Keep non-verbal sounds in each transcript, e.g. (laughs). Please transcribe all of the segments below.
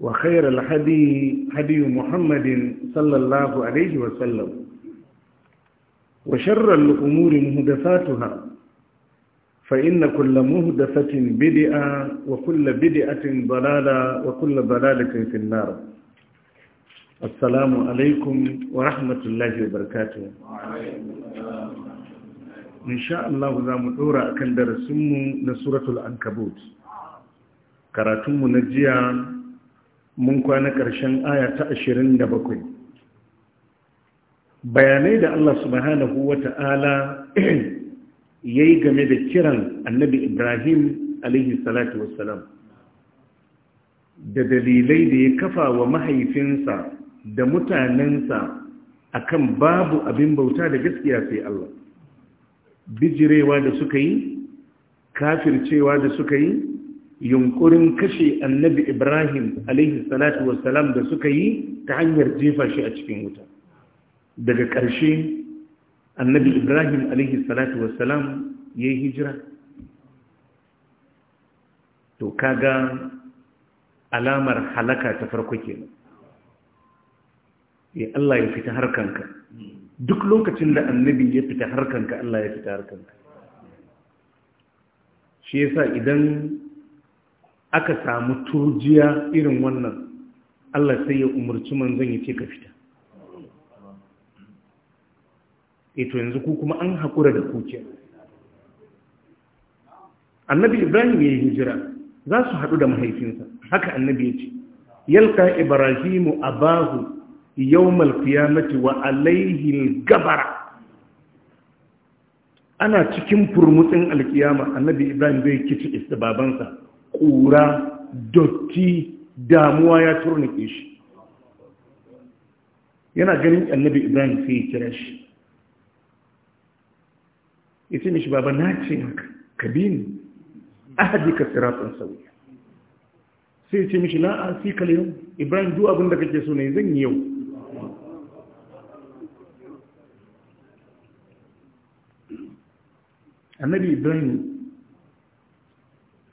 وخير الهدي هدي محمد صلى الله عليه وسلم وشر الأمور مهدفاتها فإن كل مهدفة بدئة وكل بدئة ضلالة وكل ضلالة في النار السلام عليكم ورحمة الله وبركاته إن شاء الله ذا مدورة أكن درسمه لسورة الأنكبوت كراتم نجيان mun kwana ƙarshen aya ta ashirin da bakwai. bayanai da Allah subhanahu wa ta'ala (clears throat) ya yi game da kiran annabi Ibrahim alaihi salatu was-salam, da dalilai da ya kafa wa mahaifinsa da mutanensa akan babu abin bauta da gaskiya sai Allah bijirewa da suka yi kafircewa da suka yi yunkurin kashe annabi ibrahim alaihi salatu salam da suka yi ta hanyar jefa shi a cikin wuta daga ƙarshe annabi ibrahim alaihi salatu salam ya yi hijira to kaga alamar halaka ta farko ke ya Allah ya fita harkanka duk lokacin da annabi ya fita harkanka Allah ya fita harkanka shi yasa idan aka samu turjiya irin wannan Allah sai ya umarci manzon ya ce ka fita eh, to yanzu ku kuma an haƙura da kuke annabi ibrahim ya yi hijira za su haɗu da mahaifinsa haka annabi ya ce yalka ibrahimu abahu yawmal qiyamati wa alaihi gabara ana cikin furmutsin alkiyama annabi ibrahim zai kici babansa Kura, dotti damuwa ya turnike shi yana ganin annabi ibrahim sai kira shi ya ce mishi baba na ce ka bi ni ahadi ka siratun sauya sai ce mishi na a fi kalayon ibrahim duk abin da kake so ne zan yi yau annabi ibrahim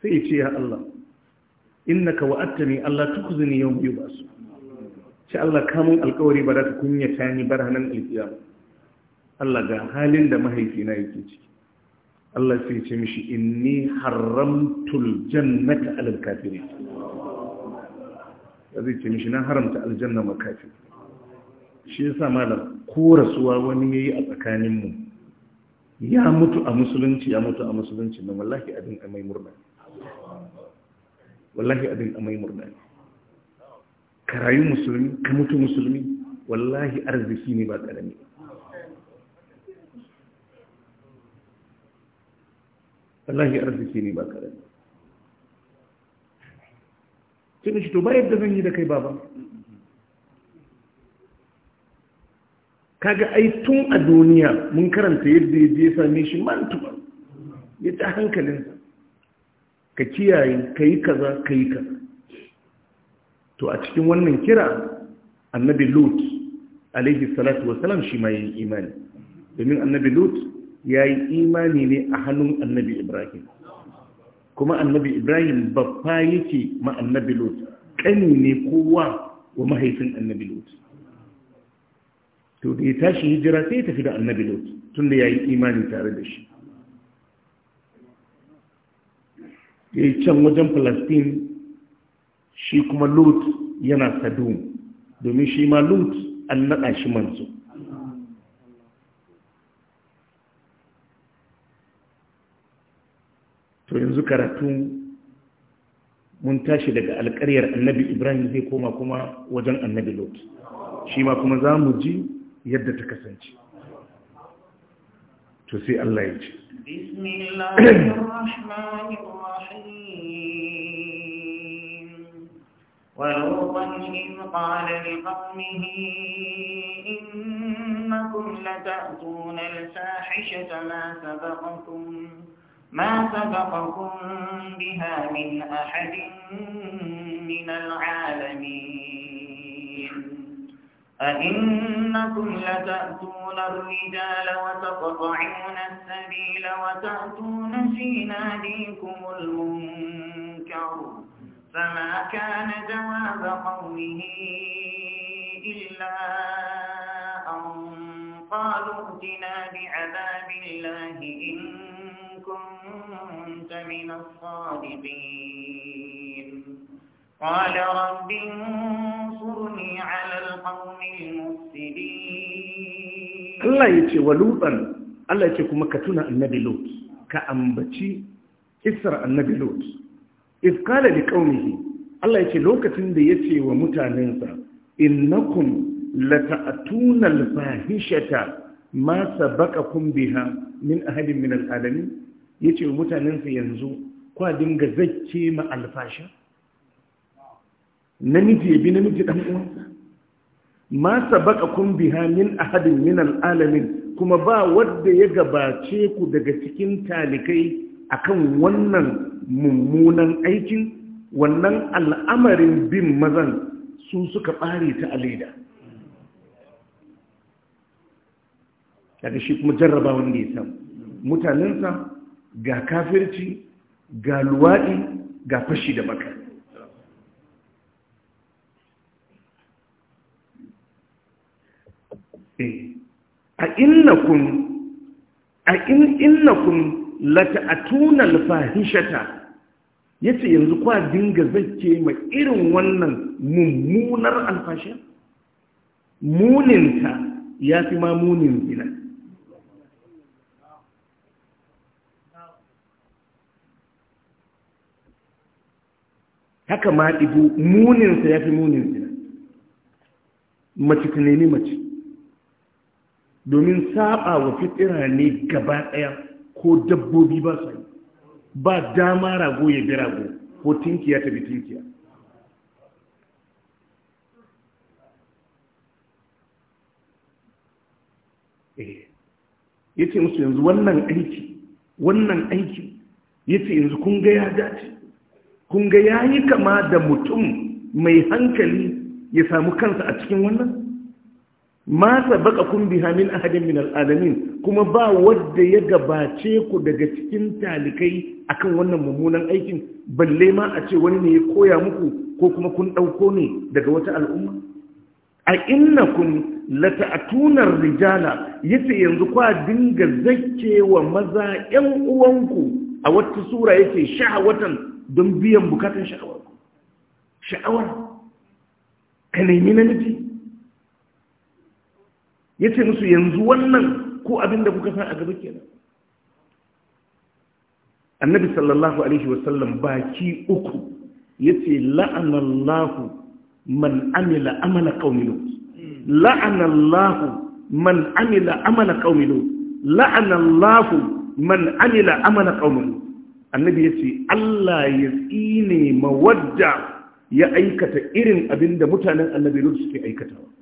sai ya ce ya Allah innaka ne Allah biyu ba su. ce Allah kamun alkawari ba za ta kunyata ni bar hanan alkiyama Allah ga halin da mahaifina yake ciki Allah sai ce mishi inni haramtul jannata alal kafirin zai ce mishi na haramta aljanna makafi shi yasa malam ko rasuwa wani yayi a tsakaninmu ya mutu a musulunci ya mutu a musulunci na wallahi abin mai murna wallahi abin amai murna ne ka rayu musulmi ka mutu musulmi wallahi arziki ne ba karami wallahi arziki ne ba karami sai shi to ba yadda zan yi da kai baba kaga ai tun a duniya mun karanta yadda ya je same shi mantuwa ya ta hankalin ka kiyaye ka yi kaza ka yi kaza to a cikin wannan kira annabi lut alaihi salatu wasalam shi ma yi imani domin annabi lut ya yi imani ne a hannun annabi ibrahim kuma annabi ibrahim babba yake ma annabi lut kani ne kowa wa mahaifin annabi lut to da ya tashi hijira sai ya tafi da annabi lut tun da ya yi imani tare da shi ya yi can wajen palestine shi kuma lut yana sadu domin shi ma lut an naɗa shi manzo to yanzu karatu mun tashi daga alƙaryar annabi ibrahim zai koma kuma wajen annabi lot shi ma kuma za mu ji yadda ta kasance to بسم الله الرحمن الرحيم ولوطا إذ قال لقومه إنكم لتأتون الفاحشة ما سبقكم ما سبقكم بها من أحد من العالمين أئنكم لتأتون الرجال وتقطعون السبيل وتأتون في ناديكم المنكر فما كان جواب قومه إلا أن قالوا ائتنا بعذاب الله إن كنت من الصادقين قال رب Allah ya ce wa lutsan Allah ya ce kuma ka tuna annabi lut ka ambaci kissar annabi lut iz qala li qaumihi Allah ya ce lokacin da ya ce wa mutanensa innakum lata'tuna al-fahishata ma sabaqakum biha min ahadin min al-alamin yace wa mutanensa yanzu kwa dinga zakke ma alfasha namiji ya bi namiji dan uwansa ma kun biha min ahadin min alamin, kuma ba wanda ya gabace ku daga cikin talikai akan wannan mummunan aikin wannan al'amarin bin mazan su suka bare ta alida daga shi kuma jarraba wanda ya samu mutanensa ga kafirci ga luwaɗi ga fashi da makar a innakun a in innakun lata'atuna alfahishata yace yanzu kwa dinga zakke ma irin wannan mummunar alfashin muninta fi ma munin gina. haka ma ibu muninsa fi munin gina. mace ka nemi mace domin saba wa fitira ne gaba ɗaya ko dabbobi ba su ba dama rago ya bi rago ko tinkiya ta bi tinkiya eh. ya ce musu yanzu wannan aiki wannan aiki ya ce yanzu kun ga ya dace kun ga ya yi kama da mutum mai hankali ya samu kansa a cikin wannan ma sabaka kun biha min ahadin min al'alamin kuma ba wadda ya gabace ku daga cikin talikai akan wannan mummunan aikin balle ma a ce wani ne ya koya muku ko kuma kun dauko ne daga wata al'umma a innakum lata'tunar rijala yace yanzu kwa dinga zakkewa maza 'yan uwanku a wata sura yake sha'awatan don biyan bukatun sha'awar sha'awar ka nemi namiji ya ce musu yanzu wannan ko abin da kuka san a gaba kenan annabi sallallahu alaihi wasallam baki uku ya ce la'anallahu man amila amala qaumilu la'anallahu man amila amala qaumilu la'anallahu man amila amala qaumilu annabi ya ce Allah ya tsine mawadda ya aikata irin abin da mutanen annabi suke aikatawa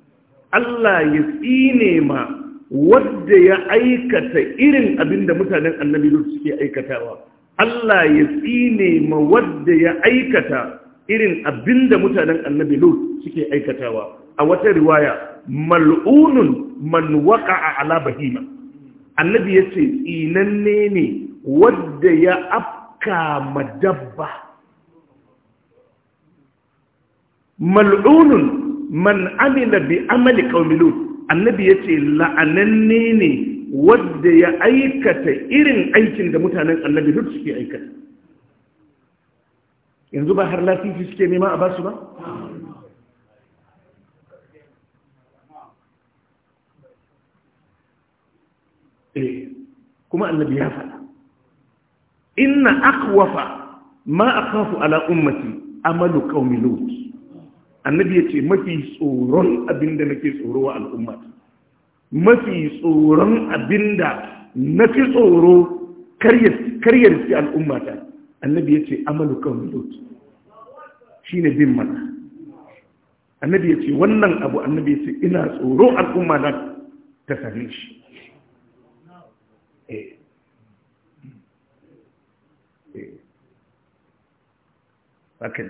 Allah ya tsine ma wadda ya aikata irin abin da mutanen annabi Lut suke aikatawa Allah ya tsine ma wadda ya aikata irin abin da mutanen annabi Lut suke aikatawa a wata riwaya mal'unun man a ala bahima annabi yace tsinanne ne wadda ya afka madabba mal'unun man amila bi amali qaumilut annabi yace la'ananne ne wanda ya aikata irin aikin da mutanen annabi lut suke aikata yanzu ba har lafifi suke nema a basu ba eh, kuma annabi ya faɗa inna akwafa ma akhafu ala ummati amalu qaumi lut annabi ya ce mafi tsoron abin da nake tsoro wa al'umma mafi tsoron abin da na fi tsoro karyar fi al'umma ta annabi ya ce amalu kan lot shi ne bin mana annabi ya ce wannan abu annabi ya ce ina tsoro al'umma na ta same shi eh. Eh. Haka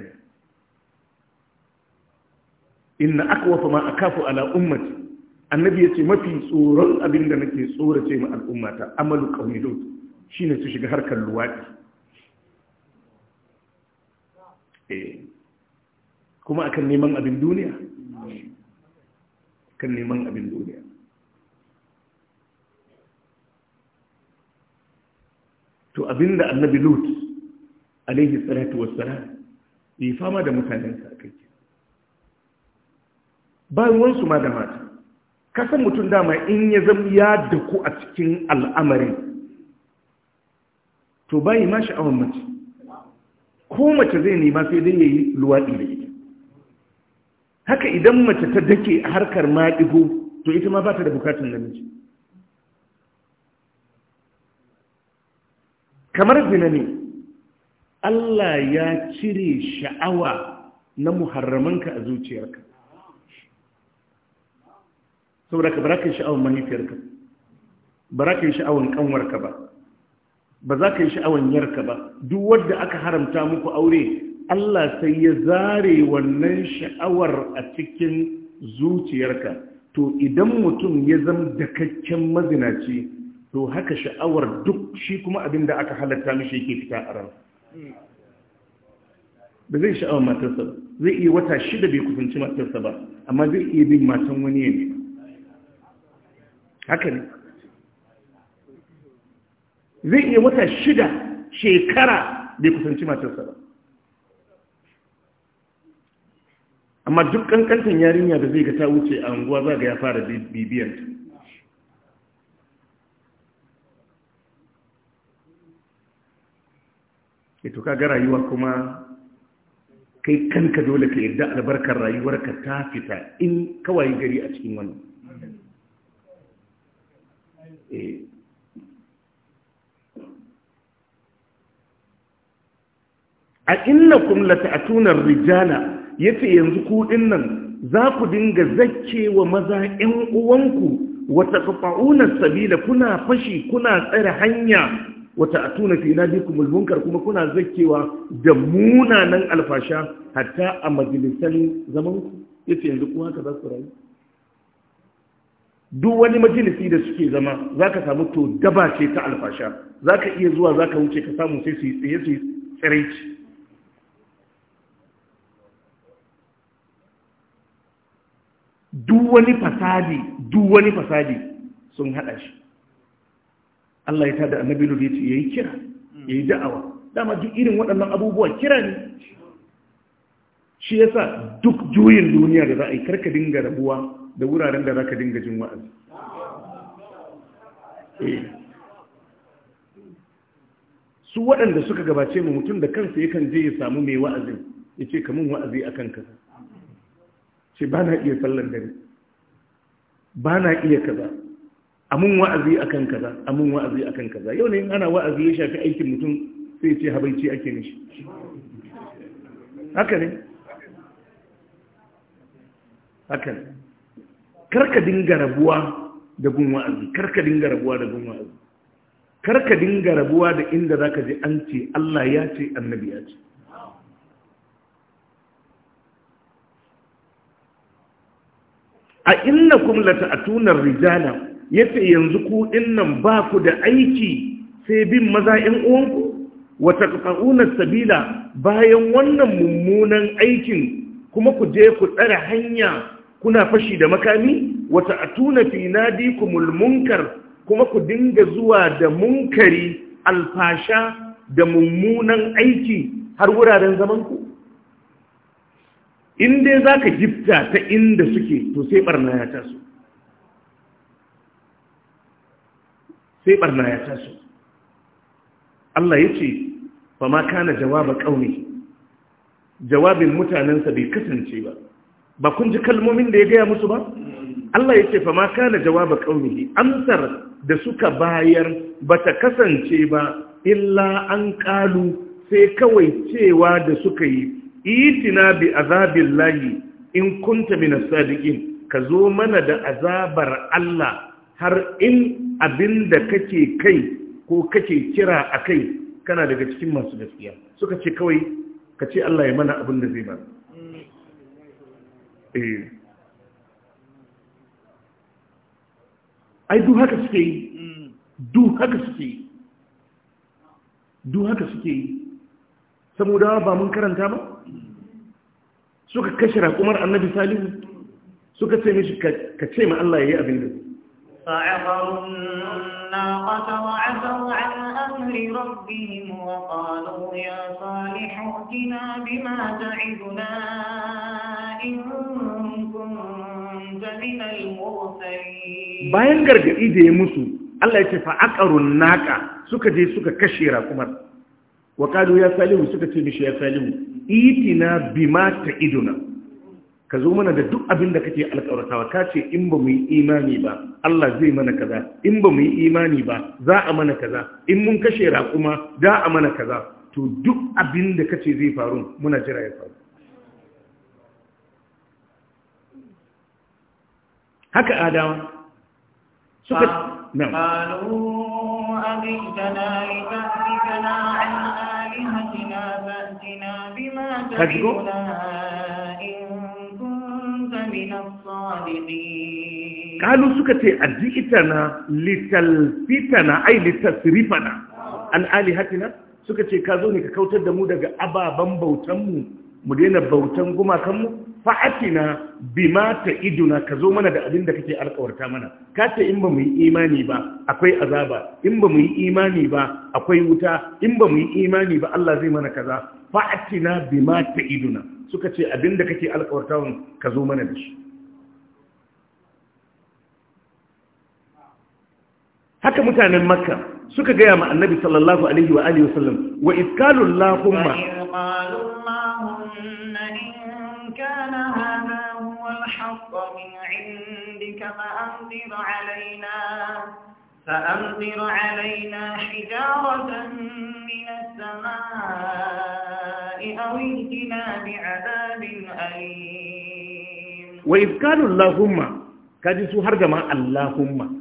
inna akwafa ma akafu ala ummati annabi yace mafi tsoron abin da nake tsorace ma al'ummata amalu qaumi shi shine su shiga harkar luwadi eh. kuma akan neman abin duniya kan neman abin duniya to abinda annabi lut alaihi salatu wassalam yi fama da mutanen sa kai ba ruwansu ma da mata kasan mutum dama in ya zama ya daku a cikin al'amarin to bayi ma sha'awar mace ko mace zai nema sai dai ya yi luwaɗi da ita haka idan mace ta dake harkar maɗigo to ita ma ba ta da bukatun namiji kamar zina ne Allah ya cire sha'awa na muharramanka a zuciyarka saboda ka barakin sha'awar ka barakin sha'awar kanwarka ba ba za ka yi sha'awar yarka ba duk wadda aka haramta muku aure Allah sai ya zare wannan sha'awar a cikin zuciyarka to idan mutum ya zama dakakken mazinaci to haka sha'awar duk shi kuma abin da aka halatta mishi yake fita a ran ba zai sha'awar matarsa ba zai iya wata shida bai kusanci matarsa ba amma zai iya bin matan wani ne haka ne zai iya wata shida shekara bai kusanci matarsa ba amma duk kankantan yarinya da zai ga ta wuce a unguwa za ga ya fara bibiyanta ito eh, ka ga rayuwa kuma kai kanka dole ka yarda albarkar rayuwarka ta fita in kawai gari a cikin wannan a inna innakum lata'tunar rijala yace yanzu ku nan, za ku dinga zakkewa maza 'yan uwanku wa taqta'una sabila kuna fashi kuna tsare hanya wa ta'tuna fi nadikum kuma kuna zakkewa da munanan alfasha hatta a majalisan zamanku, ku yace yanzu kuma haka za ku rayu duk wani majalisi da suke zama za ka samu to daba ce ta alfasha za ka iya zuwa za ka wuce ka samu sai su yi tsaye su yi tsiraici duk wani fasadi sun haɗa shi Allah ya tada annabi lura ya ce ya yi kira ya yi da'awa dama duk irin waɗannan abubuwa kira ne shi yasa duk juyin duniya da za a yi karkadin dinga rabuwa da wuraren da zaka dinga jin wa'azi eh. su waɗanda suka gabace mu mutum da kansa yakan je ya samu mai wa'azin ya ce kamun wa'azi a kan kaza ce ba na iya sallan dare ba na iya kaza amun wa'azi a kan kaza amun wa'azi a kan kaza yau ne in ana wa'azi ya shafi aikin mutum sai ce habaici ake nishi haka ne haka ne karka dinga rabuwa da gun wa'azi karka dinga rabuwa da gun wa'azi karka dinga rabuwa da inda zaka je an ce Allah ya ce annabi ya ce a innakum lata'tuna rijala yace yanzu ku dinnan ba ku da aiki sai bin maza ƴan uwanku wa taqta'una sabila bayan wannan mummunan aikin kuma ku je ku tsara hanya kuna fashi da makami wata atuna fi nadikumul munkar kuma ku dinga zuwa da munkari alfasha da mummunan aiki har wuraren zamanku in dai za ka gifta ta inda suke to sai barna ya taso sai barna ya taso Allah ya ce ba ma kana jawaba ƙauni jawabin mutanensa bai kasance ba ba kun ji kalmomin da ya gaya musu ba Allah ya ce fa ma kana jawaba qaumihi amsar da suka bayar bata kasance ba illa an qalu sai kawai cewa da suka yi itina bi azabillahi in kunta min sadiqin ka zo mana da azabar Allah har in abinda kake kai ko kake kira akai kana daga cikin masu gaskiya suka ce kawai ka ce Allah ya mana abin da zai ba. Eh. ai duk haka suke yi mm. duk haka suke yi duk haka suke yi saboda ba mun karanta ba suka kashe raƙumar annabi salihu suka ce mishi ka ce ma Allah ya yi abin da وقالوا يا صالح ائتنا بما تعدنا bayan gargaɗi da ya musu Allah ya ce fa'aƙarun naka suka je suka kashe rakumar wa ya salihu suka ce mishi ya salihu itina bima ta iduna ka zo mana da duk abin da kake alƙawartawa ka ce in ba mu yi imani ba Allah zai mana kaza in ba mu yi imani ba za a mana kaza in mun kashe raƙuma za a mana kaza to duk abin da kace zai faru muna jira ya faru haka adawa suka kalu suka ce aji'itana litalfitana ai litasrifana an hatina suka ce ka zo ne ka kautar da mu daga ababen bautanmu mu daina bautan gumakanmu fa'atina bima ta iduna ka zo mana da abin da kake alkawarta mana ka ce in ba mu yi imani ba akwai azaba in ba mu yi imani ba akwai wuta in ba mu yi imani ba Allah zai mana kaza fa'atina bima ta iduna suka ce abin da kake alkawarta ka zo mana da shi haka mutanen makka suka gaya ma annabi sallallahu alaihi wa alihi sallam wa iskalul الحق من عندك فأمطر علينا فأمطر علينا حجارة من السماء أو ائتنا بعذاب أليم وإذ قالوا اللهم كجسوا هرجما اللهم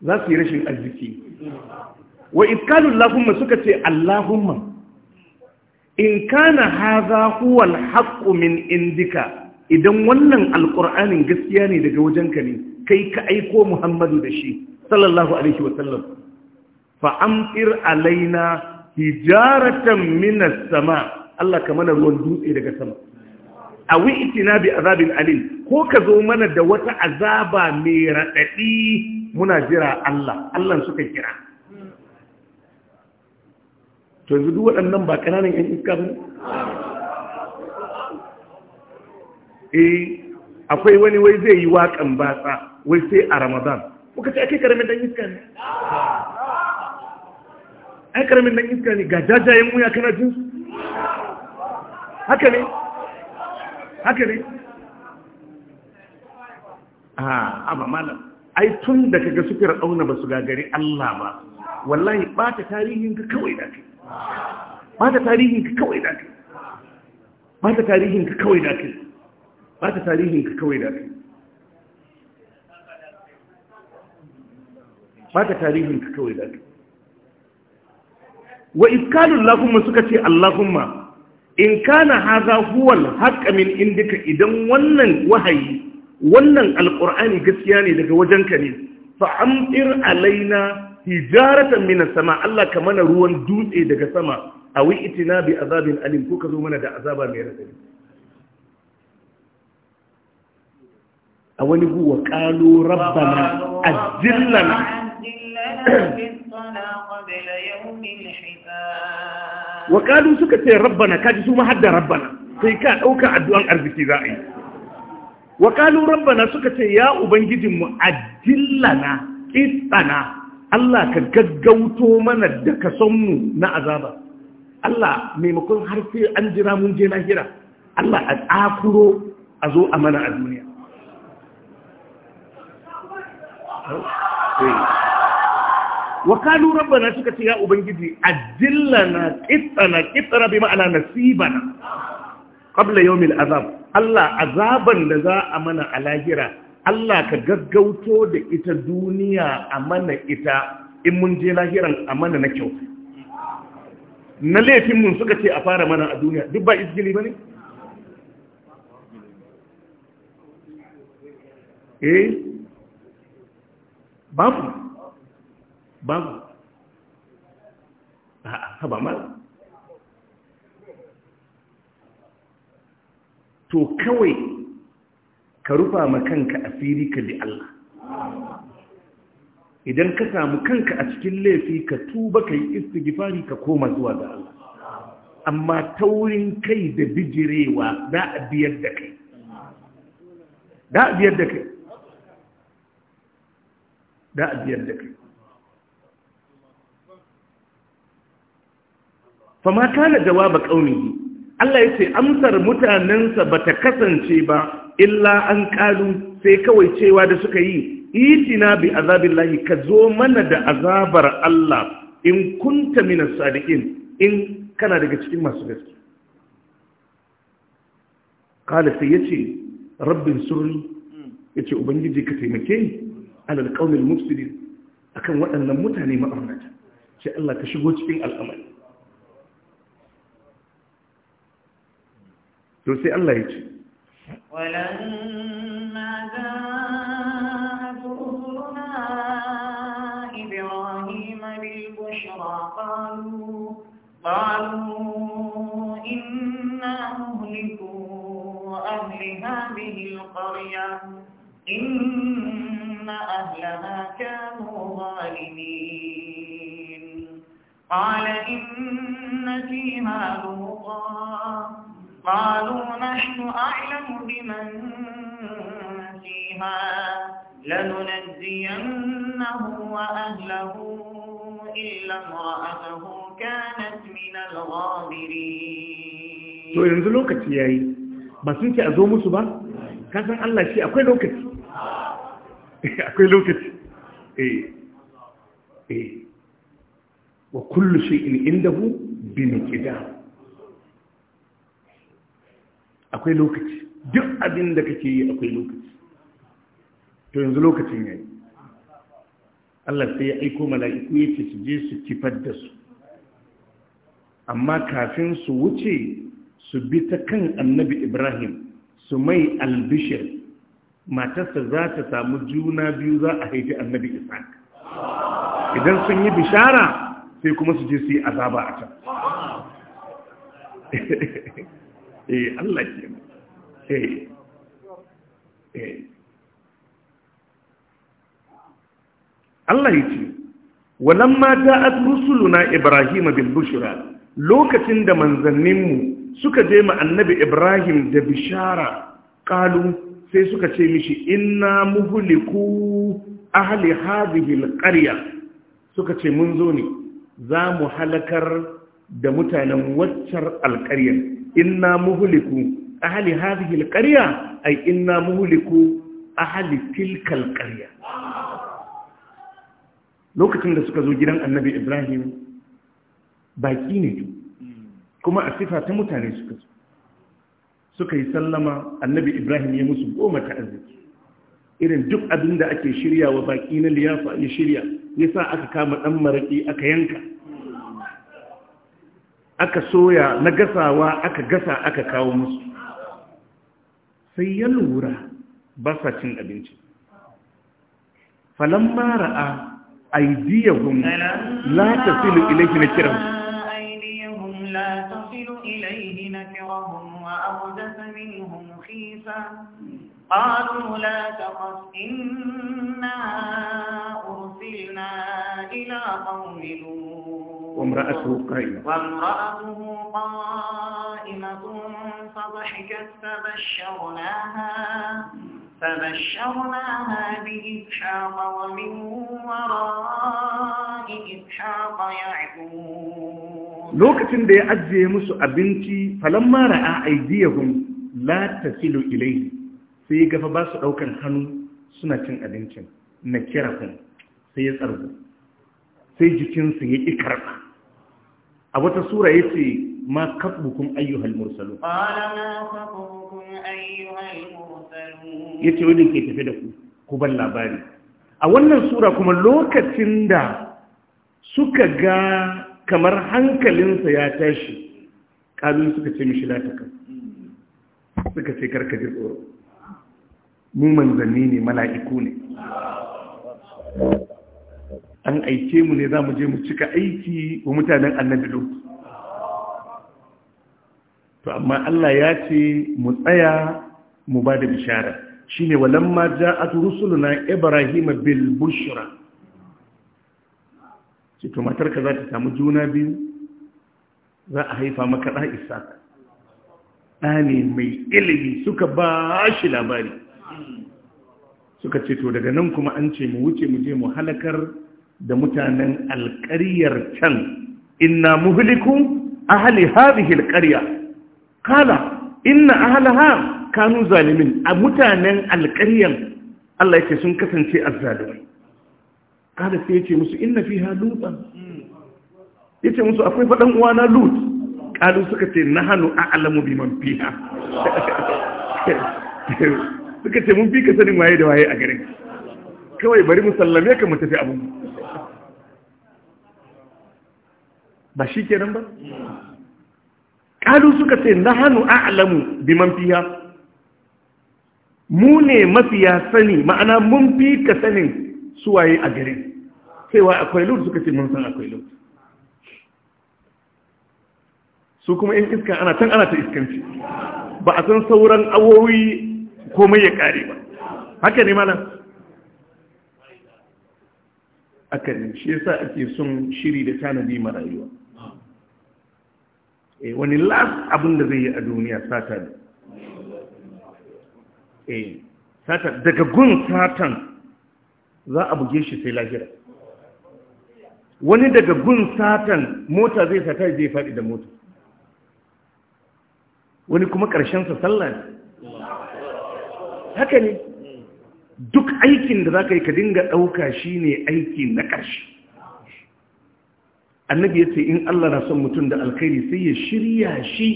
za su yi rashin arziki wa iskalun lahumma suka ce allahumma in kana haza huwal haqqu min indika idan wannan alƙur'anin gaskiya ne daga wajenka ne kai ka aiko muhammadu da shi sallallahu alaihi wasallam fa'amfir alaina hijaratan minas sama Allah ka mana ruwan dutse daga sama a itina bi azabin alim ko ka zo mana da wata azaba mai raɗaɗi muna jira Allah Allah suka kira to yanzu duk waɗannan ba ƙananan 'yan iska ba eh akwai wani wai zai yi waƙan batsa wai sai a ramadan kuka ce ake karamin dan iska ne ai karamin dan iska ne ga jajayen wuya kana jin su haka ne haka ne a ah, ba malam ai tun da kaga su auna ba su gagari Allah ba wallahi ba ta tarihin ka kawai da kai ba ta tarihin ka kawai da kai ba ta tarihin ka kawai da kai ba ta tarihin ka kawai da ba ta tarihin ka kawai da wa iskalun lahumma suka ce allahumma in kana haza huwal haqqa min indika idan wannan wahayi wannan alƙur'ani gaskiya ne daga wajenka ne fa amtir alaina hijaratan min sama Allah ka mana ruwan dutse daga sama awi itina bi azabin alim ko ka zo mana da azaba mai rasari a wani guwa ƙalu rabbana azillana wa ƙalu suka ce rabbana kaji su mahadda rabbana sai ka ɗauka addu'an arziki za a yi wa ƙalu rabbana suka ce ya ubangijinmu azillana istana Allah ka gaggauto mana da kasonmu na azaba Allah maimakon harfe an jira mun je hira. Allah a tsakuro a zo a mana a duniya wakalu rabbana suka ce ya ubangiji ajillana kitsana kitsana bi ma'ana nasibana qabla yawmil azab Allah azaban da za a mana a lahira Allah ka gaggauto da ita duniya a mana ita in mun je lahiran a mana na kyau na laifin mun suka ce a fara mana a duniya duk ba isgili bane eh babu babu ha ba ma to kawai ka rufa ma kanka asiri ka bi Allah idan ka samu kanka a cikin laifi ka tuba kai istighfari ka koma zuwa ga Allah amma taurin kai da bijirewa za a biyar da kai da a biyar da kai da a biyar da kai fama na jawaba kaunihi Allah ya ce amsar mutanensa ba ta kasance ba illa an ƙalu sai kawai cewa da suka yi na bi azabillahi ka zo mana da azabar Allah in kunta mina Sadiƙin in kana daga cikin masu gaske kala sai ce, rabbin ya yace ubangiji ka taimake ni على القوم المفسدين أكن وأن نموتني ما أرمج شاء الله تشغوش في الأمل رسي الله يجي ولما جاء رسولنا إبراهيم للبشرى قالوا قالوا إنا مهلكوا أهل هذه القرية أن أهلها كانوا ظالمين قال إن فيها لوطا قالوا نحن أعلم بمن فيها لننزينه وأهله إلا امرأته كانت من الغابرين to yanzu lokaci yayi ba sun ce a zo musu ba kasan Allah shi akwai lokaci (laughs) akwai lokaci eh. Eh. wa kullu shay'in indahu bi miqdar akwai lokaci duk abin da kake yi akwai lokaci to yanzu lokacin yayi Allah sai ya aiko mala'iku ya ce su je su kifar da su amma kafin su wuce su bi ta kan annabi Ibrahim su mai albishir matarsa za ta samu juna biyu za a haifi annabi isaac idan sun yi bishara sai kuma su je su yi azaba a can (laughs) eh Allah ke eh eh Allah ya ce walamma ta'at rusuluna ibrahima bil bushra lokacin da manzanninmu suka je ma annabi ibrahim da bishara kalu sai suka ce mishi inna muhliku ahli hadhihi alqarya suka ce mun zo ne za mu halakar da mutanen waccar alqarya inna muhliku ahli hadhihi alqarya ay inna muhliku ahli tilka alqarya lokacin da suka zo gidan annabi ibrahim baki ne kuma a sifa ta mutane suka zo suka yi sallama annabi ibrahim ya musu goma ta arziki irin duk abin da ake shirya wa baki na liyafa ya shirya ya sa aka kama ɗan maraƙi aka yanka aka soya na gasawa aka gasa aka kawo musu sai ya lura ba sa cin abinci falamma ra'a aidiyahum la tasilu ilayhi na kiransu يرسل إليه نكرهم وأوجس منهم خيفا قالوا لا تخف إنا أرسلنا إلى قوم لوط وامرأته قائمة وامرأته قائمة فضحكت فبشرناها فبشرناها بإسحاق ومن وراء إسحاق يعقوب lokacin da ya ajiye musu abinci mara a aidiyahun la filo ilai sai gafa ba su daukan hannu suna cin abincin na kira kun, sai ya tsargu sai jikinsu ya ƙi karɓa a wata sura ya ce ma kaɓukun ayyuhal mursalu ya ce wani ke tafi da ku ku ban labari a wannan sura kuma lokacin da suka ga kamar hankalinsa ya tashi kalun suka ce mishi lataka suka ce karka ji tsoro mu manzanni ne mala'iku ne an aike mu ne za mu je mu cika aiki wa mutanen annabi lu to amma Allah ya ce mu tsaya mu bada da bishara shine walamma ja'at rusuluna ibrahima bil bushra ce matarka za ta samu juna biyu za a haifa maka ɗa isa ɗa ne mai ilimi suka ba shi labari suka ce to daga nan kuma an ce mu wuce mu je mu halakar da mutanen alƙaryar can inna muhliku ahli hadhihi alqarya kala inna ahlaha kanu zalimin a mutanen alƙaryan Allah yake sun kasance a azzalimi kada sai ya ce musu inna fiha lutan ya ce musu akwai faɗan uwana lut kalu suka ce na hannu a alamu biman fiha suka ce mun fi ka sanin waye da waye a garin kawai bari mu sallame ka mu tafi abin ba shi ke nan ba kalu suka ce na hannu a alamu biman fiha mu ne mafiya sani ma'ana mun fi ka sanin su waye a gari sai wa akwai lut suka ce mun san akwai lut su kuma in iska ana can ana ta iskanci ba a san sauran awowi komai ya kare ba haka ne malam aka ne shi yasa ake son shiri da tanadi marayuwa eh wani last abin da zai yi a duniya sata ne eh sata daga gun satan za a buge shi sai lahira wani daga gun satan mota zai sata zai faɗi da mota wani kuma ƙarshensa sallah ne haka ne duk aikin da za ka yi ka dinga ɗauka shi ne aiki na ƙarshe annabi ya ce in allah na son mutum da alkhairi sai ya shirya shi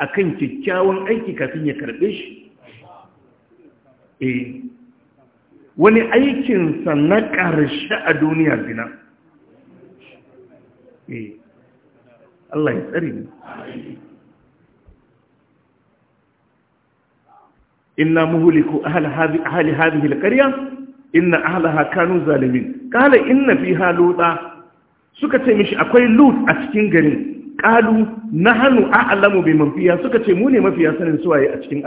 akan kyakkyawan aiki kafin ya karɓe shi Eh. wani aikinsa na ƙarshe a duniya zina eh, Allah ya tsari ne inna muhuliku ahli hadhihi alqarya inna ahlaha kanu zalimin qala inna fi luta suka ce mishi akwai lut a cikin garin na hannu a a'lamu bai mafiya suka ce mu ne mafiya sanin suwaye a cikin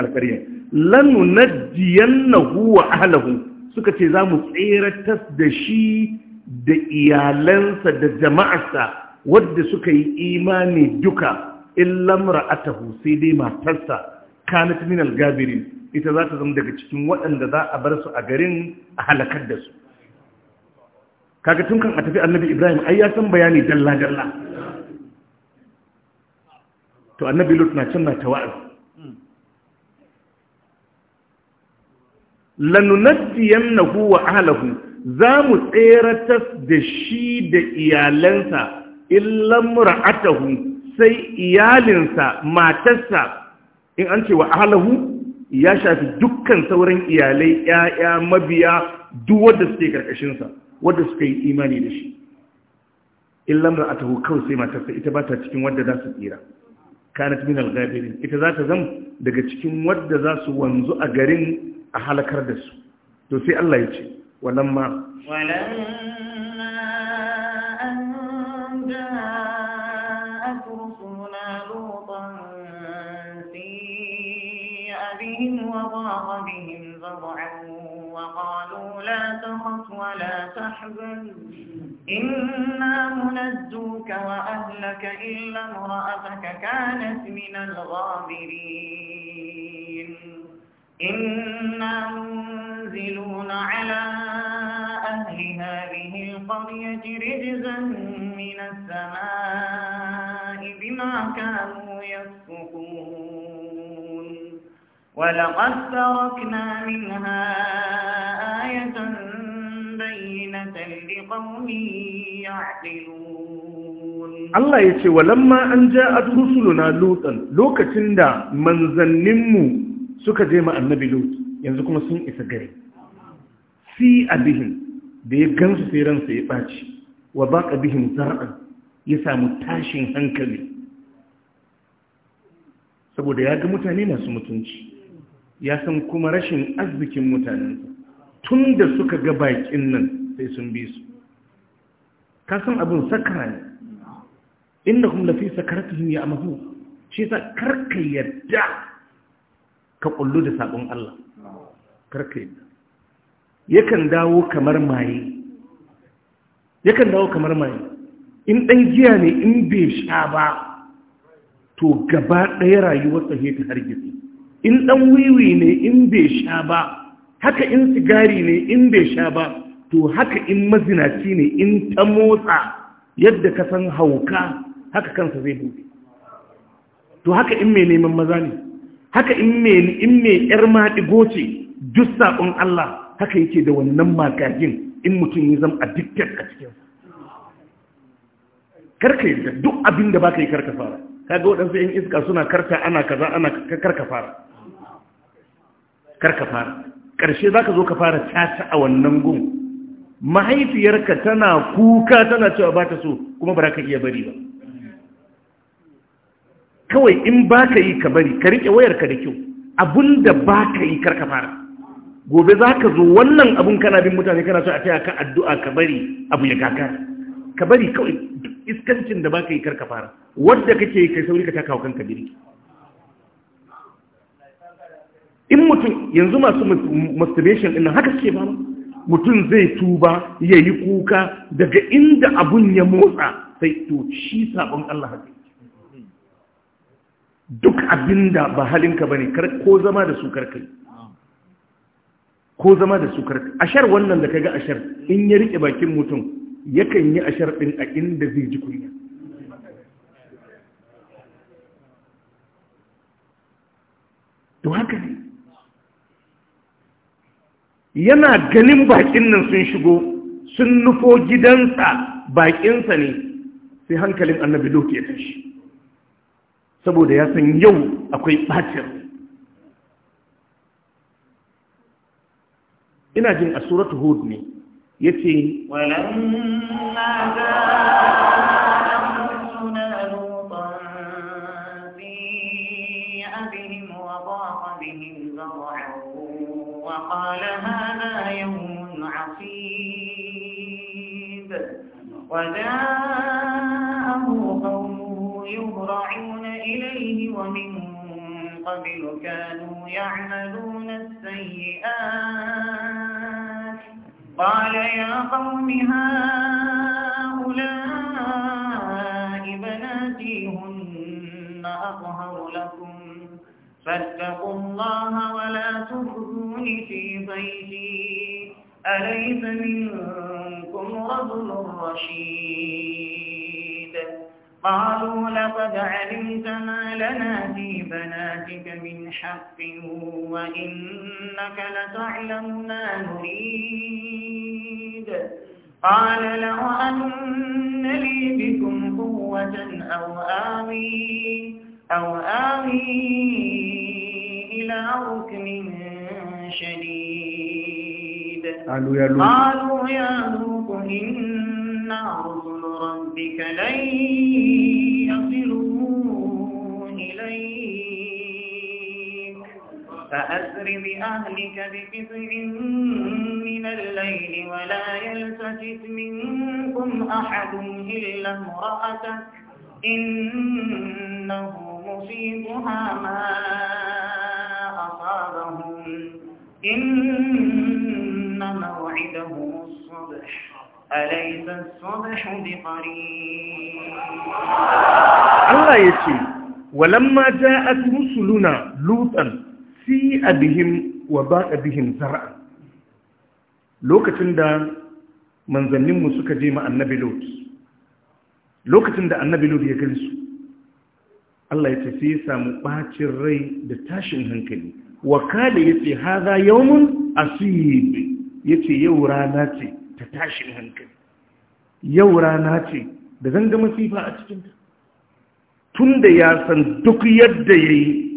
na jiyan na wa ahalahu suka ce za mu tseratas da shi da iyalansa da jama'arsa wadda suka yi imani duka illam ra'atahu sai dai matarsa kanat min al ita za ta zama daga cikin waɗanda za a bar su a garin a halakar da su kaga tun kan a tafi annabi ibrahim ai ya san bayani dalla dalla to annabi lut na can na tawa'azi lanunattiyannahu wa ahlahu za mu tas da shi da iyalansa illan ra'atahu sai iyalinsa matarsa in an ce wa ahlahu ya shafi dukkan sauran iyalai 'ya'ya mabiya duk wadda suke karkashin sa wadda suka yi imani da shi illan ra'atahu kawai sai matarsa ita ba ta cikin wanda za su tsira kanat min al-ghabirin ita za ta zama daga cikin wadda za su wanzu a garin a halakar da su to sai Allah ya ce walamma ولا تحزن إنا مُنَزُّوكَ وأهلك إلا امرأتك كانت من الغابرين إنا منزلون على أهل هذه القرية رجزا من السماء بما كانوا يفسقون ولقد تركنا منها آية بينة لقوم يعقلون الله يقول ولما أن جاءت رسلنا لوطا لوكتندا منزلنمو suka je ma annabi lut yanzu kuma sun isa gari si abihin da ya gansu sai ransa ya ɓaci wa baka bihin zar'an ya samu tashin hankali saboda ya ga mutane masu mutunci ya san kuma rashin arzikin mutanensa tun da suka ga bakin nan sai sun bi su Ka san abin sakara ne inda kuma lafi sakaratun ya amahu shi sa karka yadda ka kullu da sabon Allah karka yi yakan dawo kamar maye yakan dawo kamar maye in dan giya ne in bai sha ba to gaba ɗaya rayuwar tsaye ta hargitsi in dan wiwi ne in bai sha ba haka in sigari ne in bai sha ba to haka in mazinaci ne in ta motsa yadda ka san hauka haka kansa zai buɗe to haka in mai neman maza ne haka in me in me yar maɗigo ce duk saƙon Allah haka yake da wannan makagin in mutum ya zama addicted a cikin karka yadda duk abin da baka yi karka fara kaga waɗansu yan iska suna karta ana kaza ana karka fara karka fara ƙarshe zaka zo ka fara tata a wannan gun mahaifiyarka tana kuka tana cewa ba ta so kuma ba za ka iya bari ba kawai in ba ka yi ka bari ka riƙe wayarka da kyau abin da ba ka yi karka fara gobe za ka zo wannan abin kana bin mutane kana so a taya ka addu'a ka bari abu ya kaka ka bari kawai iskancin da ba ka yi karka fara wadda kake yi kai sauri ka taka kanka biri in mutum yanzu masu masturbation ɗin haka suke ba mutum zai tuba ya yi kuka daga inda abun ya motsa sai to shi sabon Allah haka duk abinda ba halinka ba ne ko zama da su karkai ko zama da su karkai ashar wannan da kaga ashar in ya rike bakin mutum yakan yi ashar din a inda zai ji kunya to haka ne yana ganin bakin nan sun shigo sun nufo gidansa bakinsa ne sai hankalin annabi doke ya tashi saboda ya san yau akwai ɓacin ina jin a suratu hud ne ya ce walamma وقال يا قوم هؤلاء بناتي هن أظهر لكم فاتقوا الله ولا تخزوني في بيتي أليس منكم رجل رشيد قالوا لقد علمت ما لنا في بناتك من حق وإنك لتعلم ما نريد قال لو أن لي بكم قوة أو آوي أو آوي إلى ركن شديد قالوا يا لوط إن أن رسل ربك لن يصلوا إليك فأسر بأهلك بقطع من الليل ولا يلتفت منكم أحد إلا امرأتك إنه مصيبها ما أصابهم إن موعدهم الصبح allah الصبح بقريب ja يتي ولما جاءت رسلنا si سيء بهم وباء بهم zara'a. Lokacin da manzanninmu suka je ma annabi Lut lokacin da annabi Lut ya gani su Allah ya tafi ya samu ɓacin rai da tashin hankali Wakali ya ce haza yawon asib ya ce yau rana ce ta tashin hankali yau rana ce da zanga masifa a cikinta tun da ya san duk yadda ya yi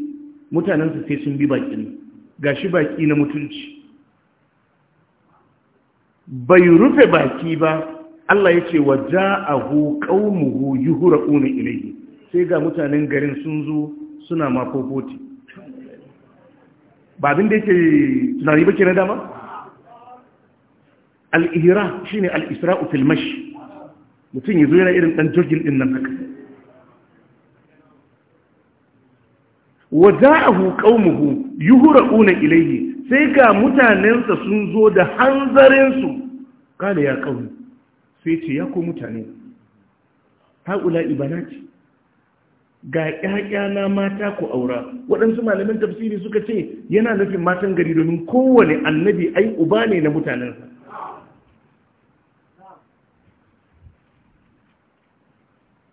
mutanensa sai sun bi baƙi ga shi baƙi na mutunci bai rufe baki ba Allah ya ce wa ja'ahu yi yuhra'una ilayhi sai ga mutanen garin sun zo suna mafofoti ba abin da yake tunani ba ke na dama al'ihira shi ne al'isra'u filmashi mutum ya zo yana irin ɗan jirgin ɗin nan haka wada'ahu qaumuhu yuhra'una ilayhi sai ga mutanensa sun zo da hanzarinsu kale ya qaumi sai ce ya ku mutane haula ibanati ga na mata ku aura waɗansu malaman tafsiri suka ce yana nufin matan gari domin kowane annabi ai uba ne na mutanensa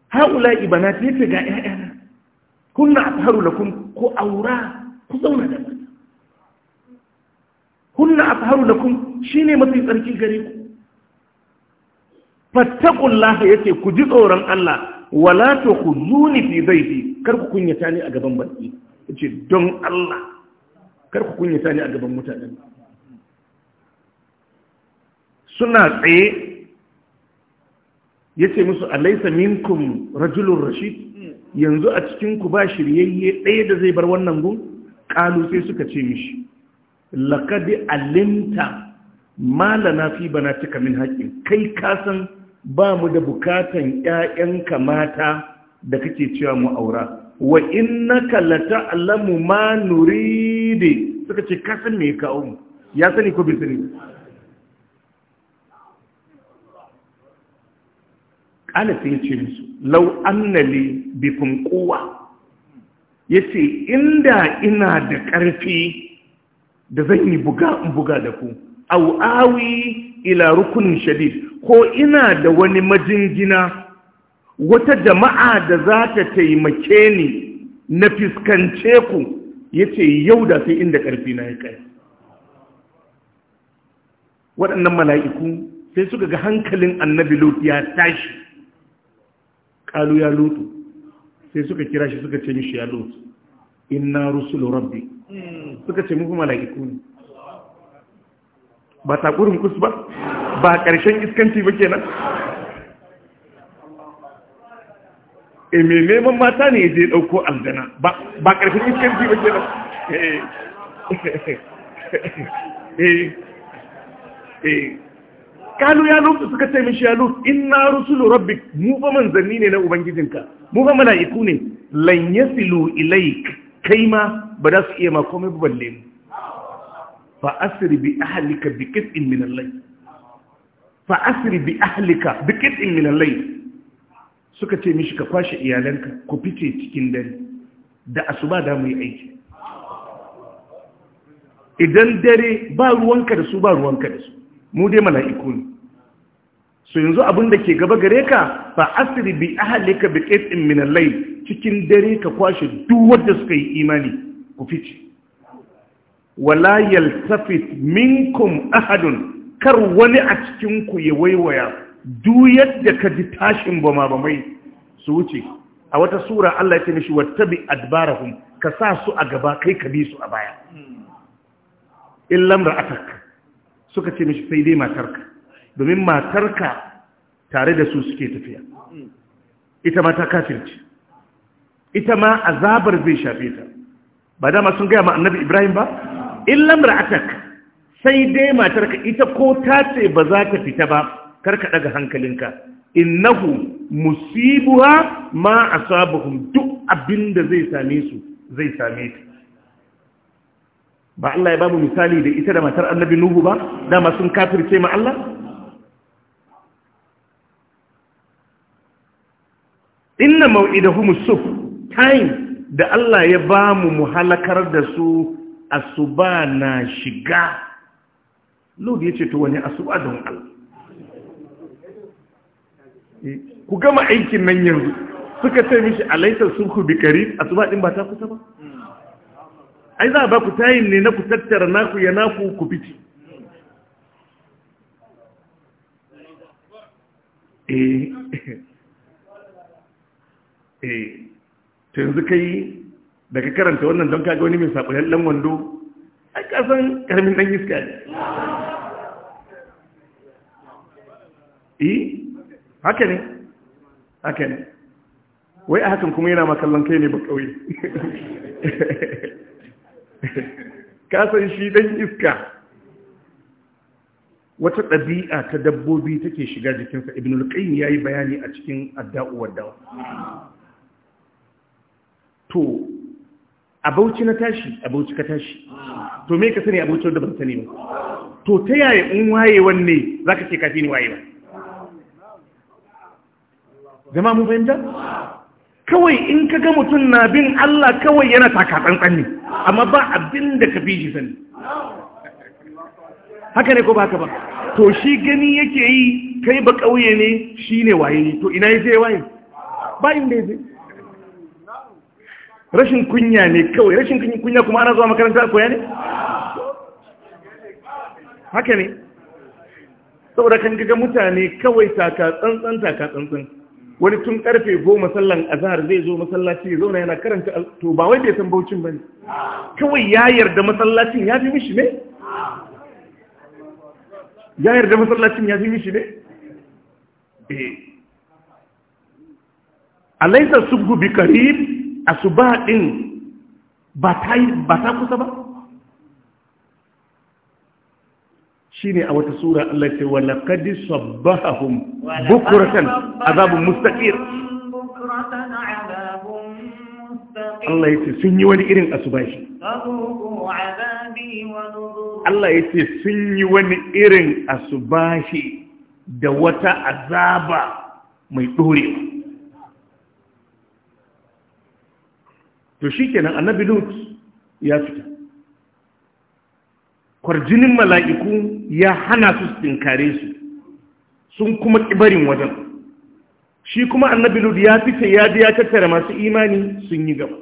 haula ibanati yace ga ƴaƴana kunna atharu lakum ko aura ku zauna da mata kunna atharu lakum shine mafi tsarki gare ku fattaqullaha yace ku ji tsoron Allah wala tukhuzuni fi baiti kar ku kunyata ni a gaban baki yace don Allah kar ku kunyata ni a gaban mutanen suna tsaye ya ce musu alaisa minkum rajulun rashid yanzu a cikinku ba shiryayye ɗaya da zai bar wannan gun ƙalu sai suka ce mishi laƙadi alimta malana fi bana cika min haƙin kai kasan ba mu da bukatan ‘ya'yanka mata da kake cewa mu aura wa innaka lata alamu ma nuride suka ce kasan me kawo mu ya sani ko bai sani ana sai ce musu lau annali kowa, ya ce, inda ina da ƙarfi da zan yi buga in buga da ku au awi ila rukunin shadid ko ina da wani majingina wata jama'a da za ta taimake ni na fiskance ku ya ce yau da sai inda ƙarfi na ya kai waɗannan mala'iku sai suka ga hankalin annabi lut ya tashi kalu ya lutu sai suka kira shi suka ce mishi ya lutu inna rusulu rabbi suka ce muku mala'iku ne ba takurin kus ba ba ƙarshen iskanci ba kenan e mai neman mata ne ya je ɗauko aljana ba ƙarshen iskanci ba kenan e e kalu ya lutu suka ce mishi ya lutu inna rusulu rabbik mu fa manzanni ne na ubangijinka mu fa mala'iku ne lan yasilu ilaik kai ma ba za su iya ma komai ba balle mu fa asri bi ahlika bi qit'in min al-layl fa asri bi ahlika bi qit'in min al-layl suka ce mishi ka kwashe iyalanka ku fice cikin dare da asuba da mu yi aiki idan dare ba ruwanka da su ba ruwanka da su mu dai mala'iku ne Su yanzu abin da ke gaba gare ka ba asri bi ahlika bi qit'in min al-layl cikin dare ka kwashe duk wanda suka yi imani ku fice wala yaltafit minkum ahadun kar wani a cikin ku ya waiwaya duk yadda ka ji tashin bama bamai su wuce a wata sura Allah ya ce mishi wattabi adbarahum ka sa su a gaba kai ka bi su a baya illam ra'atak suka ce mishi sai dai matarka domin matarka tare da su suke tafiya ita ma ta kafirci ita ma azabar zai shafe ta ba dama sun gaya ma annabi ibrahim ba in illam Atak sai dai matarka ita ko ta ce ba za ta fita ba kar karka daga hankalinka innahu musibuha ma asabuhum duk abinda zai same su zai same ta ba Allah ya babu misali da ita da matar annabi nuhu ba dama sun kafirce ma Allah inna mau'idahum suf time da Allah ya ba mu muhalakar da su asuba na shiga lord ya ce to wani asuba don Allah ku gama aikin nan yanzu suka ce mishi alaita sulhu bi karib asuba din ba ta kusa ba ai za ba ku tayin ne na ku tattara naku ya naku ku fiti eh (laughs) eh to yanzu ka da ka karanta wannan don kaga wani mai saɓoyan ɗan wando a kasan ƙaramin dan iska ne E, haka ne haka ne wai a hakan kuma yana makallon kai ne ba ƙauye (laughs) kasan shi dan iska wata ɗabi'a ta dabbobi take shiga jikinsa ibn al ya yi bayani a cikin adda'uwar dawa to abauci na tashi abauci ka tashi to me ka sani abauci wanda ban sani ba to ta yaya in wayewan ne za ka ce kafi ni wayewa zama mun fahimta kawai in ka ga mutum na bin Allah kawai yana taka tsantsan ne amma ba abin da ka biji sani haka ne ko ba ka ba to shi gani yake yi kai ba ƙauye ne shi ne waye to ina ya je waye ba inda ya je rashin kunya ne kawai rashin kunya kuma ana zuwa makaranta koya ne haka ne saboda kan gaga mutane kawai taka tsantsan taka tsantsan wani tun karfe goma sallan azhar zai zo masallaci ya zauna yana karanta to ba wai bai san baucin bane kawai ya yarda masallacin ya fi mishi ne ya yarda masallacin ya fi mishi ne eh alaysa subhu bi qarib asuba din ba ta kusa ba shi ne a wata sura Allah ce wa laƙadi sabbahahum bukuratan azabun mustaƙir Allah ya ce sun yi wani irin asubashi Allah ya ce sun yi wani irin asubashi da wata azaba mai ɗorewa to shi kenan annabi lut ya fita kwarjinin mala'iku ya hana su tsinkare su sun kuma ƙibarin wajen shi kuma annabi lut ya fita ya ji ya tattara masu imani sun yi gaba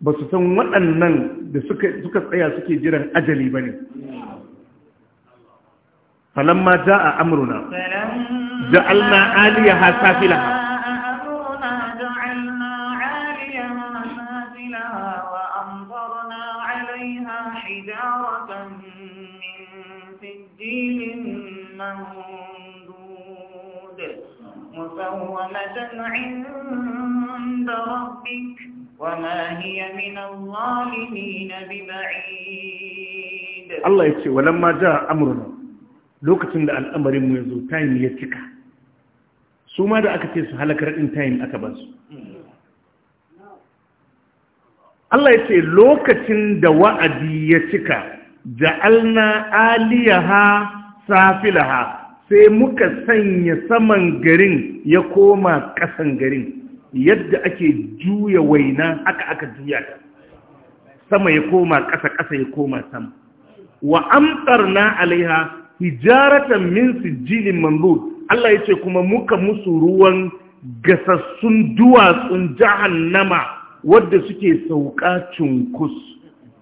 ba su san waɗannan da suka tsaya suke jiran ajali ba ne falamma za a amurna ja'alna aliyaha safilaha ممدود مسومة عند ربك وما هي من الظالمين ببعيد الله يتشي ولما جاء أمرنا lokacin da al'amarinmu ya zo tayin ya cika su ma da aka ce su halakar din tayin aka ba su Allah ya ce lokacin da wa'adi ya cika ja'alna aliyaha safilaha sai muka sanya saman garin ya koma ƙasan garin yadda ake juya waina haka aka juya ta sama ya koma ƙasa ƙasa ya koma sama wa amtarna alaiha hijaratan min sijilin Mamlud, Allah yace kuma muka musu ruwan gasassun duwatsun jahannama wadda suke sauka cunkus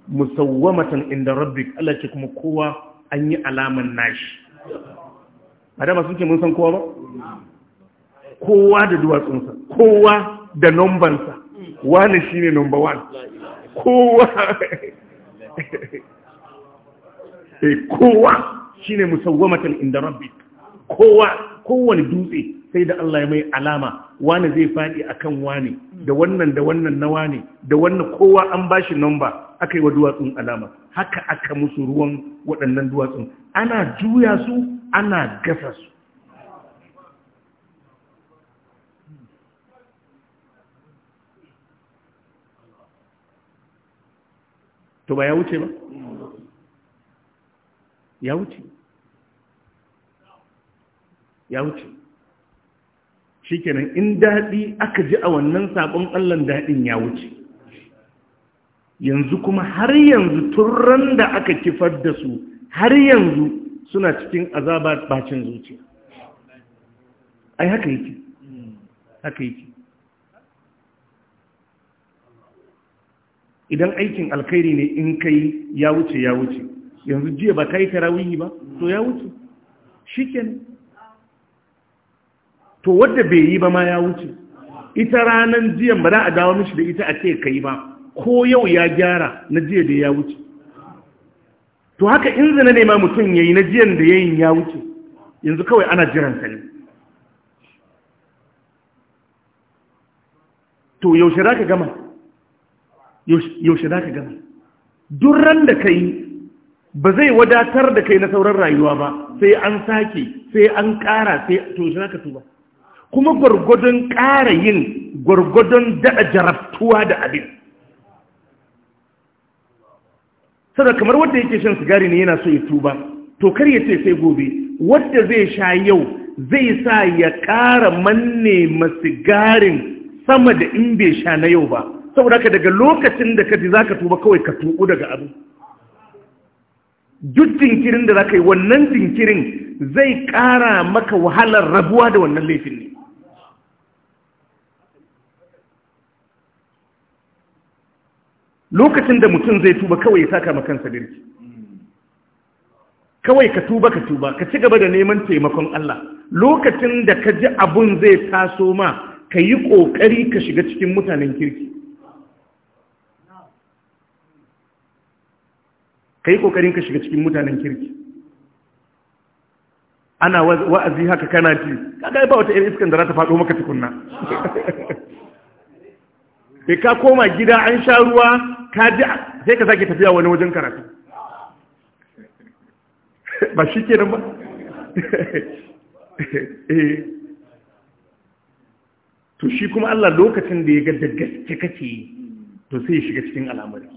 musawwamatan inda rabbik Allah yace kuma kowa an yi alaman nashi adama sun ce mun san kowa ba kowa da duwatsunsa kowa da nombansa wani shi ne nomba wani kowa (laughs) eh, kowa shi ne musawwamatan inda rabbi kowa kowane dutse sai da Allah ya mai alama wani zai faɗi akan wani da wannan da wannan na wani da wannan kowa an ba shi nomba aka yi wa duwatsun alama haka aka musu ruwan waɗannan duwatsun ana juya su ana gasa su to ba ya wuce ba ya wuce ya wuce shi kenan in daɗi aka ji a wannan sabon allon daɗin ya wuce yanzu kuma har yanzu ran da aka kifar da su har yanzu suna cikin azaba bacin zuciya ai haka yake haka yake idan aikin alkhairi ne in kai ya wuce ya wuce yanzu jiya ba kai tarawihi ba to ya wuce shikenan to wadda bai yi ba ma ya wuce ita ranan jiyan ba za a dawo mishi da ita a ce yi ba ko yau ya gyara na jiya da ya wuce to haka in zina ne ma mutum ya yi na jiyan da ya yi ya wuce yanzu kawai ana jiran ne to yaushe za ka gama yaushe za ka gama durran da ka yi ba zai wadatar da kai na sauran rayuwa ba sai an sake sai an ƙara sai to shi naka tuba kuma gwargwadon ƙara yin gwargwadon daɗa jarabtuwa da abin saboda kamar wanda yake shan sigari ne yana so ya tuba to kar ya ce sai gobe wanda zai sha yau zai sa ya ƙara manne ma sigarin sama da in bai sha na yau ba saboda haka daga lokacin da ka ji za ka tuba kawai ka tuku daga abu duk jinkirin da za ka yi wannan jinkirin zai ƙara maka wahalar rabuwa da wannan laifin ne lokacin da mutum zai tuba kawai ya saka kansa birki kawai ka tuba ka tuba ka ci gaba da neman taimakon Allah lokacin da ka ji abun zai taso ma ka yi ƙoƙari ka shiga cikin mutanen kirki ka yi ƙoƙarin ka shiga cikin mutanen kirki ana wa'azi haka kana ji kaga ba wata irin iskan da za ta faɗo maka tukunna (laughs) sai ka koma gida an sha ruwa ka ji sai ka sake tafiya wani wajen karatu (laughs) ba shi ke ba (laughs) eh. to shi kuma Allah lokacin da ya ga gaske kake to sai ya shiga cikin al'amari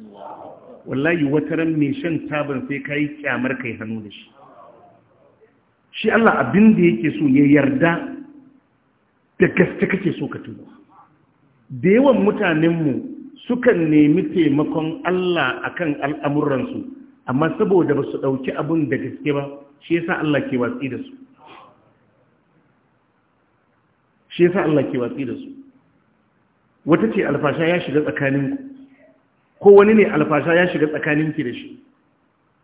wallahi wata ran mai shan taban sai ka yi kyamar kai hannu da shi shi Allah abin da yake so ya yarda da gaske kake so ka tuba da yawan mutanenmu sukan nemi taimakon Allah a kan al'amuransu amma saboda ba su ɗauki abin da gaske ba shi yasa Allah ke watsi da su shi yasa Allah ke watsi da su wata ce alfasha ya shiga tsakaninku ko wani ne alfasha ya shiga tsakaninki da shi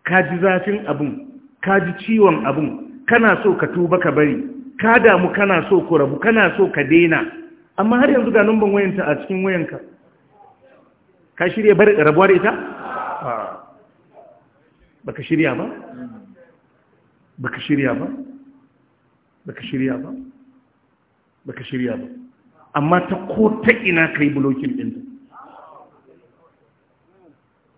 ka ji zafin abin ka ji ciwon abin kana so ka tuba ka bari ka damu kana so ku rabu kana so ka daina amma har yanzu ga numban wayanta a cikin wayanka ka shirya bari rabuwa da ita baka shirya ba baka shirya ba baka shirya ba baka shirya ba amma ta ko ta ina kai bulokin ɗinta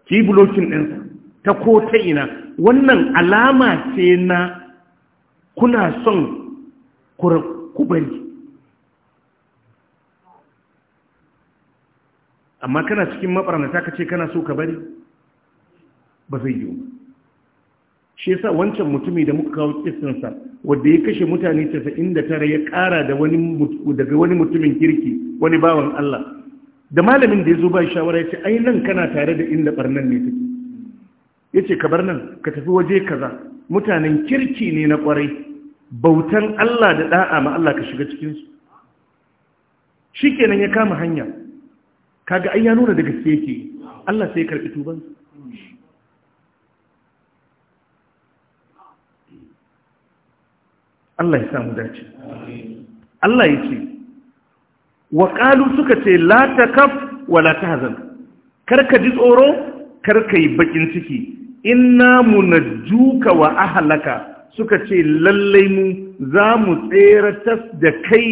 ki bulokin ɗinsa ta ko ta ina wannan alama ce na kuna son ku bari amma kana cikin mabarnata ka ce kana so ka bari ba zai yiwu shi yasa wancan mutumi da muka kawo kisinsa wanda ya kashe mutane 99 ya kara da wani daga wani mutumin kirki wani bawan Allah da malamin da ya zo ba shawara ya ce ai nan kana tare da inda barnan ne take ya ka bar nan ka tafi waje kaza mutanen kirki ne na kwarai bautan Allah da da'a ma Allah ka shiga cikinsu shi kenan ya kama hanya kaga ai ya nuna da gaske yake Allah sai ya karbi tuban Allah ya samu dace Allah ya wa qalu suka ce la takaf wa la tahzan karka ji tsoro karka yi bakin ciki inna munajjuka wa ahlaka suka ce lallai mu za mu tseratas da kai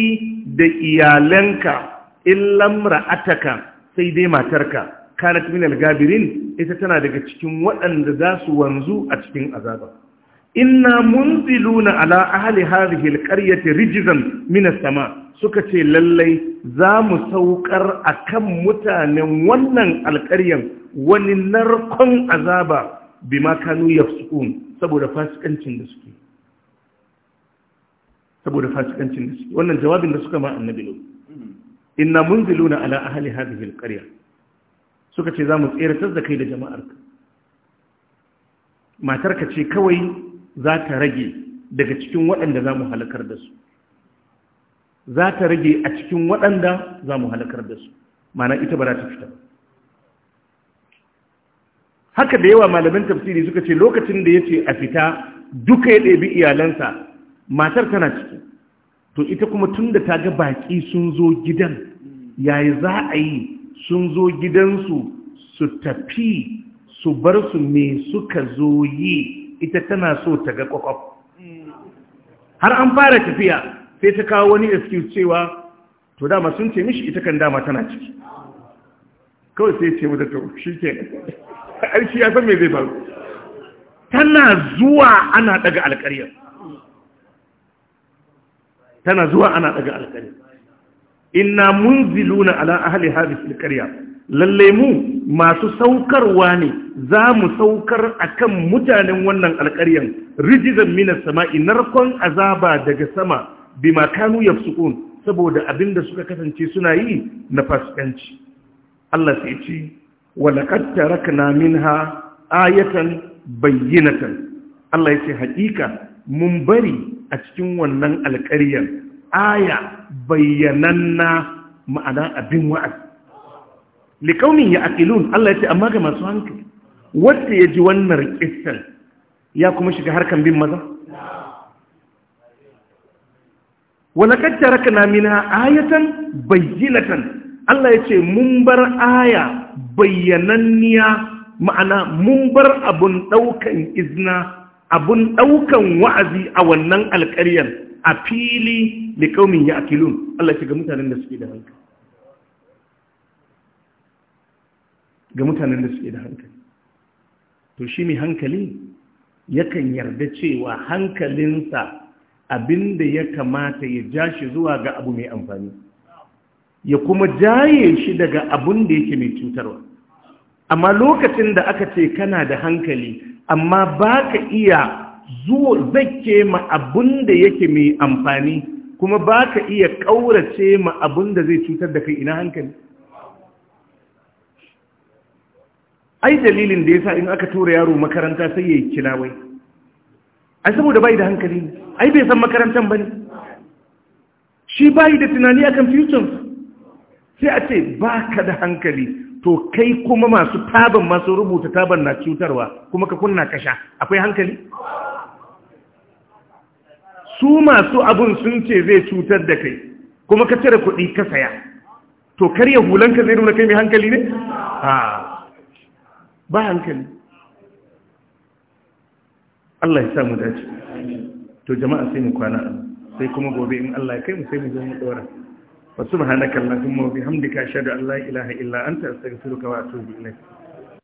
da iyalanka illam ra'ataka sai dai matarka kanat min al-gabirin ita tana daga cikin waɗanda za su wanzu a cikin azaba inna munziluna ala ahli hadhihi al-qaryati rijzan min as-sama suka ce lallai za mu saukar akan mutanen wannan alƙaryan wani narkon azaba bima kanu yafsukun saboda fasikancin da suke saboda fasikancin da suke wannan jawabin da suka ma annabi inna munziluna ala ahli hadhihi alqarya suka ce zamu tseratar da kai da jama'arka matarka ce kawai za ta rage daga cikin waɗanda zamu halakar da su za ta rage a cikin waɗanda zamu halakar da su mana ita ba za ta fita haka da yawa malaman tafsiri suka ce lokacin da yace a fita duka ya ɗebi iyalansa matar tana ciki to ita kuma tun da ta ga baƙi sun zo gidan yayi za a yi sun zo gidansu su tafi su bar su me suka zo yi ita tana so ta ga kwakwaf har an fara tafiya sai ta kawo wani excuse cewa to dama sun ce mishi ita kan dama tana ciki kawai sai ce mata to shi ke arshi (laughs) ya san me zai faru tana zuwa ana daga alƙaryar tana zuwa ana daga alƙaryar inna munziluna ala ahli hadhihi alqarya lalle mu masu saukarwa ne za mu saukar akan mutanen wannan alƙaryan rijizan minas sama'i narkon azaba daga sama bima kanu yafsukun saboda abinda suka kasance suna yi na fasikanci Allah sai ce laqad tarakna minha ayatan bayyinatan Allah yace mun bari a cikin wannan alƙaryan aya bayyananna ma'ana abin wa'azi likaunin ya aqilun Allah ya ce amma ga masu hankali wanda ya ji wannan kissan ya kuma shiga harkan bin maza walakad tarakna minha ayatan bayyinatan Allah ya ce mun bar aya bayyananniya ma'ana mun bar abun daukan izna abun daukan wa'azi a wannan alƙaryar a fili da kaumin ya akilun Allah ce ga mutanen da suke da hankali ga mutanen da suke da hankali to shi mai hankali yakan yarda cewa hankalinsa abinda ya kamata ya ja shi zuwa ga abu mai amfani ya kuma jaye shi daga abun da yake mai cutarwa amma lokacin da aka ce kana da hankali amma ba ka iya zuwa zake ma abin da yake mai amfani kuma ba ka iya ƙaurace ma abin da zai cutar da kai ina hankali ai dalilin da ya sa in aka tura yaro makaranta sai ya yi kilawai ai saboda bai da hankali ne ai bai san makarantar ba ne shi bai da tunani akan kan sai a ce ba ka da hankali to kai kuma masu taban masu rubuta taban na cutarwa kuma ka kunna kasha akwai hankali su masu abun sun ce zai cutar da kai kuma ka cire kuɗi ka saya to karya hulanka zai nuna kai mai hankali ne? ba hankali Allah ya samu dace to jama'a sai mu kwana sai kuma gobe in Allah ya kai mu sai mu zo mu dora wa subhanaka allahumma wa bihamdika ashhadu an la ilaha illa anta astaghfiruka wa atubu ilaik